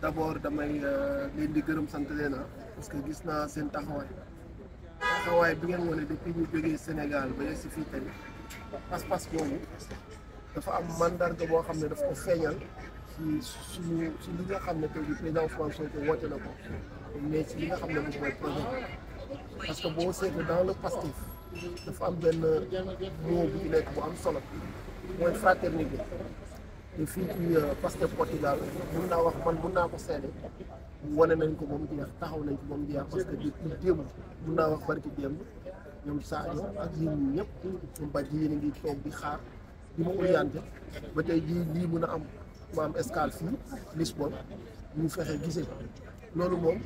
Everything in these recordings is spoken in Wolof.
d'abord damay eh, leen di gërëm sant leen ah parce que gis naa seen taxawaay taxawaay bi ngeen wane depuis ñu jógee Sénégal ba yegg si fii tamit pas-pas boobu dafa am mandarga boo xam ne daf ko feeñal ci suñu ci li nga xam ne tey di président François ko wote na ko mais ci li nga xam ne moom mooy projet parce que boo seetee dans le pastif dafa am benn mot bu nekk bu am solo mooy fraternité fii ci euh, Pastef Portugal mun naa wax man mun naa ko seede wane nañ ko moom jeex taxaw nañ ko moom jeex parce que depuis démb naa wax barki démb ñoom Sadio ak ñun ñëpp ñoom Badji yéen ngi toog di xaar di ma orienté ba tey jii lii mun a am ma am escale fii Lisbonne ñu fexe gisee loolu moom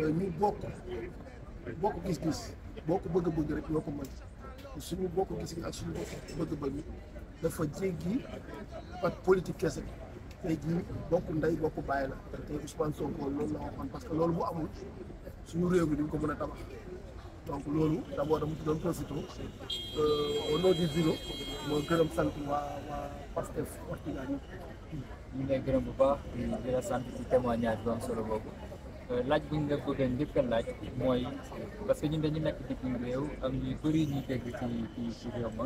euh, ñu bokk bokk gis-gis ko bëgg-bëgg rek ñoo ko mën suñu bokk gis-gis ak suñu bokk bëgg-bëgg dafa jéggi ak politique kese tey jii bokku ndey bokk bàyyi la tey la waxoon parce que loolu bu amul suñu réew mi duñ ko mën a tabax donc loolu d' abord dama ci doon profité euh, au moo gërëm sant waa waa Pastef Portugal ñu ngi lay gërëm bu baax di la sant ci témoignage bu am solo boobu euh, laaj bu ñu la bëgg laaj mooy parce que ñun dañu nekk bitim réew am ñu bëri ñuy dégg ci ci réew ma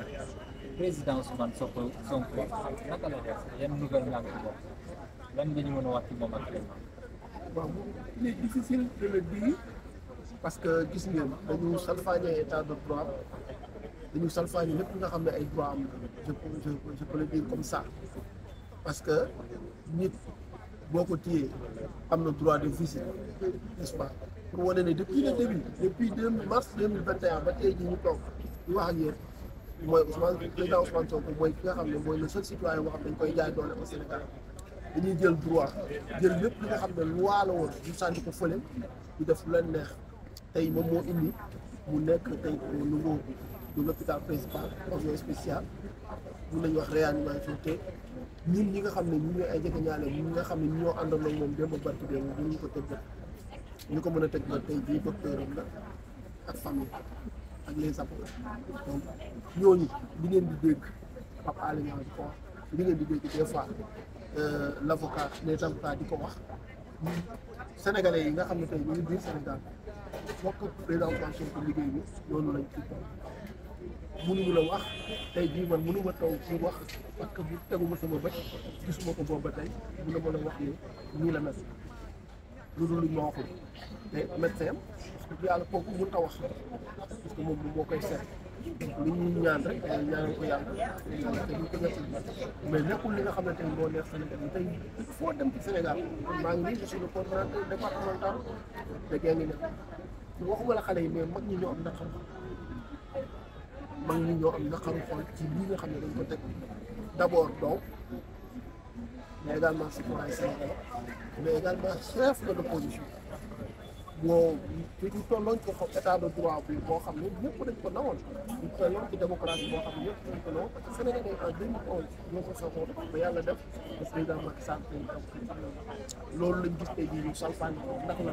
프레지던스만 속고 속고 나타나야 돼. 옛날 그런 거 아니고. 런던이 뭐 왔지 뭐 맞게. 뭐 이게 difficile de le dire parce que gis ngeen dañu salfañé état de droit dañu salfañé lepp nga xamné ay droit am je je je peux le dire comme ça parce que nit boko tié amna droit de visite n'est-ce pas pour wone né depuis le début depuis 2 mars 2021 ba tay ji ñu tok wax ak mooy Ousmane président Ousmane Sonko mooy ki nga xam ne mooy la seul citoyen boo xam ne dañ koy jaay doole au Sénégal dañuy jël droit jël lépp li nga xam ne loi la woon ñu sànni ko fële ñu def lu leen neex tey moom moo indi mu nekk tey au niveau de l'hôpital principal avion spécial mun nañu wax réanimation te ñun ñi nga xam ne ñu ñooy ay jegeñaale ñi nga xam ne ñu ñoo àndoon ak moom démb barki démb ko teg ba ñu ko mën a teg ba tey jii docteur am la ak famille ak les apôtres donc ñooñu li ngeen di dégg Pape Alé Niang di ko wax li ngeen di dégg des fois euh, l' avocat les avocats di ko wax sénégalais yi nga xam ne tey ñu ngi biir Sénégal bokk président Sonko liggéey bi loolu lañ ci mënuñu la wax tey jii man mënu ma taw ci wax parce bu tegu ma sama bët gisuma ko boobu ba tey mënu ma la wax nii la nas lu dul luñ ma waxul te médecin am yàlla kooku mënut a wax parce moom moo koy seet li ñuy ñaan rek ñaanal ko yàlla yàlla te ñu li nga xamante ni moo neex Sénégal bi tey dem ci Sénégal maa ngi nii je suis le coordonnateur départemental de Guinguinéo xale yi mais mag ñi ñoo am naqaru mag ñi ñoo am naqaru xool ci lii nga xam ne dañ ko teg d'abord donc mais également citoyen sénégalais mais également chef de l'opposition boo te ñu tolloon ci état de droit bi boo xam ne ñëpp dañ ko nawoon ñu tolloon ci démocratie boo xam ne ñëpp dañ ko nawoon yàlla def le président loolu lañ gis tey jii ñu salfaan ndax la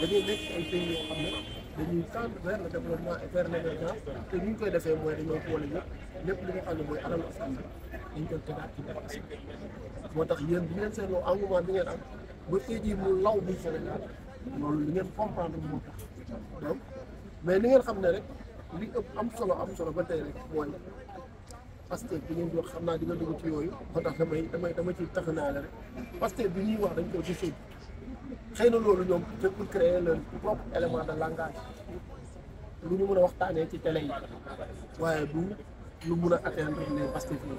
dañuy nekk ay pays yoo xam ne dañuy tendre vers le te ñu ngi koy defee mooy dañoo boole yëpp lépp li nga xam ne mooy alal askan bi dañ koy tegaat ci def askan moo tax yéen bu ngeen seetloo engouement bi ngeen am ba tey jii mu law biir Sénégal loolu li ngeen comprendre moo tax donc mais li ngeen xam ne rek li ëpp am solo am solo ba tey rek mooy Pastef bi ngeen di wax xam naa di nga dugg ci yooyu moo tax damay damay dama ciy taxanaale rek Pastef bi ñuy wax dañ ko gisee xëy na loolu ñoom c'est pour créer leur propre élément de langage lu ñu mën a waxtaanee ci télé yi waaye du lu mun a atteindre les Pastef yi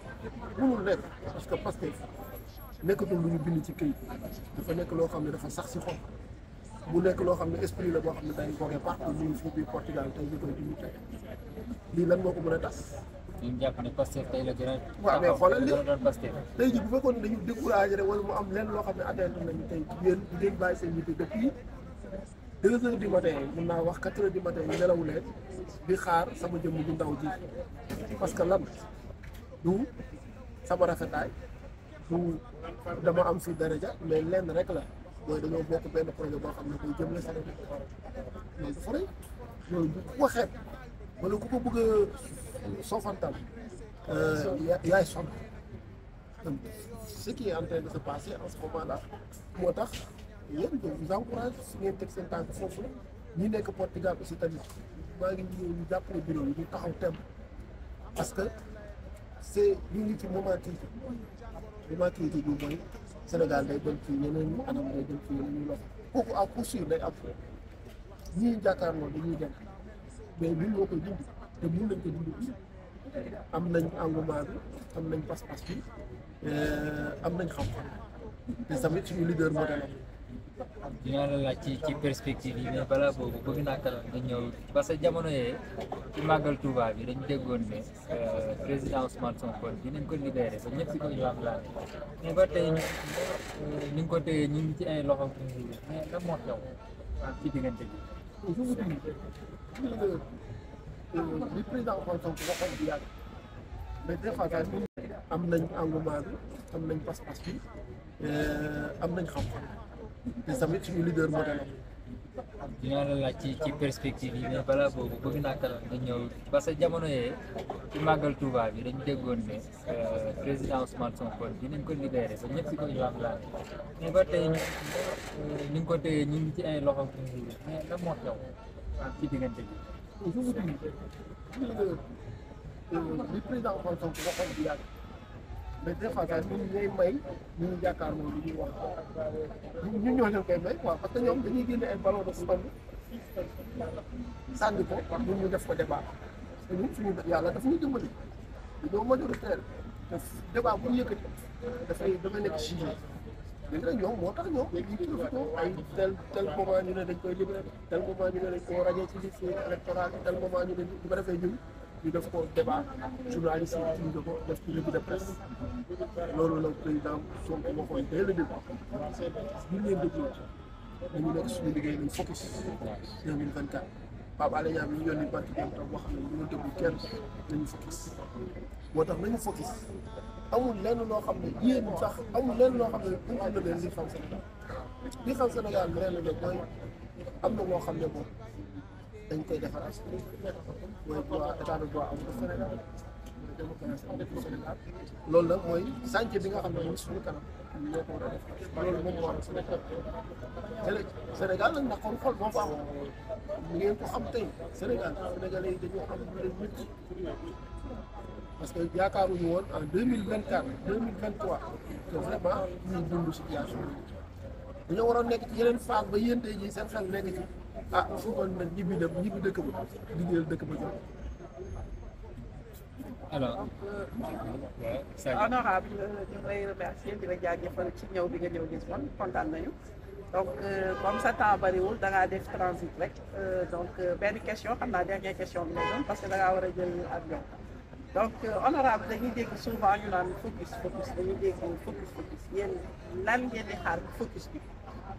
munul nekk parce que Pastef nekkatul lu ñu bind ci këyit dafa nekk loo xam ne dafa sax si xol mu nekk loo xam ne esprit la boo xam ne day boogee partout ñu ngi fii biir Portugal tey ñu koy dund tey lii lan moo ko mën a tas ñu jàpp ne Pastef tey la gën a. waaw mais xoolal li tey jii bu fekkoon ne dañu am lenn loo xam ne atteindre nañu tey yéen di leen bàyyi mun naa wax quatre heures du matin ñu nelawu leen xaar sama jëmm ju ndaw ji parce que lan du sama rafetaay du dama am fi daraja mais lenn rek la mooy dañoo bokk benn projet boo xam ne koy jëm la sa loolu du ko xeeb ma ne ku ko bëgg a sofantal euh, yaay sonn ce qui est en train de se passer en ce moo tax yéen de vous ngeen teg seen tànk foofu la ñi nekk Portugal aussi tamit maa ngi ñëw ñu jàppale bureau yi ñu taxaw tem parce que c' est ñu ngi ci moment critique moment critique bi mooy Sénégal day dem ci yeneen ñu anam day dem ci yeneen ñu loxo kooku à coup sûr day am ñii jàkkaarloo dañuy dem mais nous nous nous nous am nañ am nañ pas bi am nañ xam-xam tamit leader am. la ci ci perspective yi mais bëgg nga ñëw parce que jamono yé ci magal Touba bi dañu déggoon euh président Ousmane Sonko ko libéré ba ci ko mais ba ko nous ñu ci ay loxo mais xew ci Ni président xool Sonko waxoon bu yàgg mais des fois tamit am nañ engouement bi am nañ pas-pas bi am nañ xam-xam te tamit suñu leader moo dinaa la laaj ci ci perspective yi mais balaa boobu bëgg naa kanam nga ñëw parce que jamono yee ci màggal Touba bi dañu déggoon ne président Ousmane Sonko dinañ ko libéré ba ñëpp di ko yomb laaj mais ba tey ko téye ñu ngi ay loxo mais lan moo xew ci diggante bi. mais des fois sax ñun ñooy may ñu ñu jàkkaarloo li ñuy wax ñun ñoo leen koy may quoi parce que ñoom dañuy génne ay ballon de sànni sànni ko wax ñun ñu def ko débat te ñun yàlla daf ñu dimbali dañoo majoritaire te débat bu ñu yëkkati dafay dafay nekk sujet léegi ñoom moo tax ñoom ñu profité ay tel tel moment ne dañ koy libéré tel moment ñu ne dañ koo rajee ci liste électorale tel moment ñu ne bu ko defee ñun. ñu def ko débat journaliste yi ñu ko def ci revue de presse loolu la président Sonko waxoon dès le début bu ñu leen mu dañu nekk suñu liggéey nañ focus 2024 Pape Alé Niang bi ñu yónni barki dem tam wax na ñu déglu kenn nañu focus moo tax nañu focus amul lenn loo xam ne yéen sax amul lenn loo xam ne bu ñu ko lëlee li xam Sénégal li xam Sénégal lenn loo xam ne moom dañ koy defaraat mooy droit état de droit am au Sénégal mooy démocratie loolu nag mooy sànq bi nga xam ne suñu kanam ñoo ko war a def loolu moom moo waral Sénégal Sénégal nag ndax kon xol moo ngeen ko xam tey Sénégal Sénégalais yi dañoo am lu leen parce que yaakaaruñu woon en deux mille vingt quatre deux mille vingt trois que vraiment ñuy dund situation bi dañoo war a nekk ci yeneen phase ba yéen tey jii seen xel nekk ci. ah fu kon nag ñibbi dem ñibbi dëkk ba liggéeyal dëkk ba jox alors euh, honorable euh, ñu ngi lay remercier di la jaajëfal ci ñëw bi nga ñëw gis man kontaan nañu donc euh, comme sa bariwul da ngaa def transit rek donc benn question xam naa dernière question bi la doon parce que da ngaa war a jël avion donc honorable dañuy dégg souvent ñu naan focus focus dañuy dégg focus focus yéen lan ngeen di xaar focus bi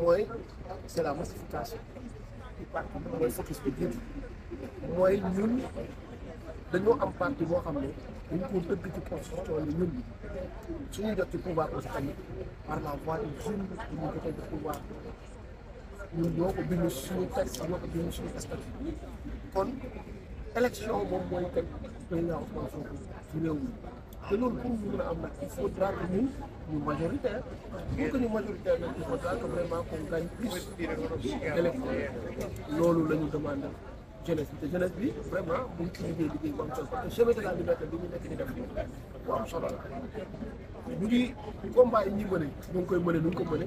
mooy c'est la massification du parti mooy focus bi jiitu mooy ñun dañoo am parti boo xam ne dañ ko tëgg ci constitution yi ñun suñuy jot ci pouvoir aussi tamit par la voie du jeune dañuy jotee ci pouvoir ñun ñoo ko bind suñu texte ñoo ko bind suñu ci réew mi te loolu pour ñu mën a am nag il faudra que ñun ñu majoritaire pour que ñu majoritaire nag il faudra que vraiment qu'on gagne plus d'élections loolu la ñu demandé jeunesse bi te jeunesse bi vraiment mu ngi ci liggéey liggéey bu am solo parce que bi ñu nekk di def bu am solo la ñu ngi combat yi ñuy mëne ñu koy mëne nu ko mëne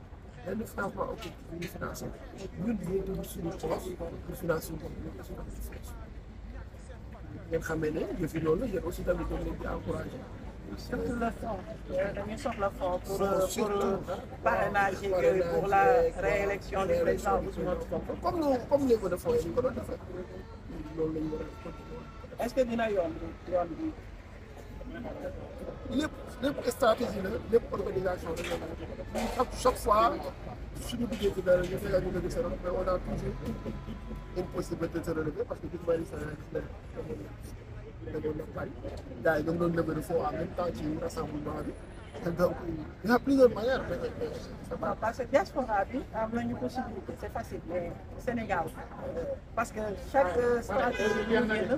En de vraag maar ook op de financiën. Jullie doen de financiën de financiën doen de financiën. Yang kami ni, dia filolog, dia aussi dans le domaine de l'encouragement. Surtout le fonds, pour, pour le parrainage et pour la réélection du président Ousmane Comme nous, comme nous, nous Est-ce que nous avons lépp stratégie la organisation chaque fois si nous voulons dara ñu fekk ak mais on a toujours une possibilité de se relever parce que du bari sa demoon na Paris gars yi il y a de fonds en même temps ci rassemblement bi donc il y a plusieurs manières parce que diaspora bi a une possibilité c'est facile mais Sénégal parce que chaque stratégie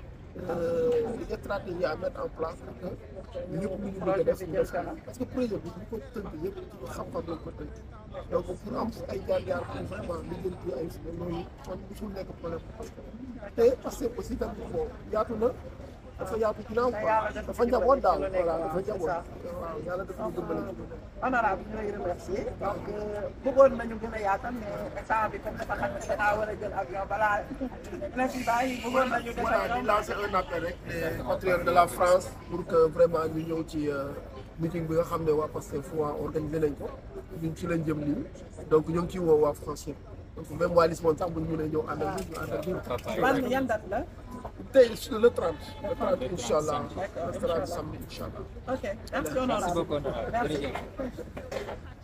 des euh, stratégies à mettre en place pour que ñëpp ñu bëgg a def parce que projet bi ñu ko tënk yëpp ci xam-xam lañ ko donc pour am ay jaar-jaar pour vraiment li parce que aussi tamit bon yaatu na dafa yaatu ginnaaw quoi dafa njaboot daal voilà dafa njaboot waaw yàlla dafa ñu dimbali ci honorable ñu lay remercier donc euh, bëggoon nañu gën a yaatal mais état bi comme dafa xam ne danaa war a jël avion balaa na si bàyyi bëggoon nañu voilà di lancer un appel rek les patriotes de la France pour que vraiment ñu ñëw ci euh, meeting bi nga xam ne waa Pastef waa organisé nañ ko ñun ci lañ jëm nii donc ñu ngi ciy woo waa France donc même waa Lisbonne sax bu ñu mënee ñëw àndal ñu àndal ñu. Thanks to the trams. The trams, inshallah. The trams, inshallah. Okay, that's going on. Merci Merci.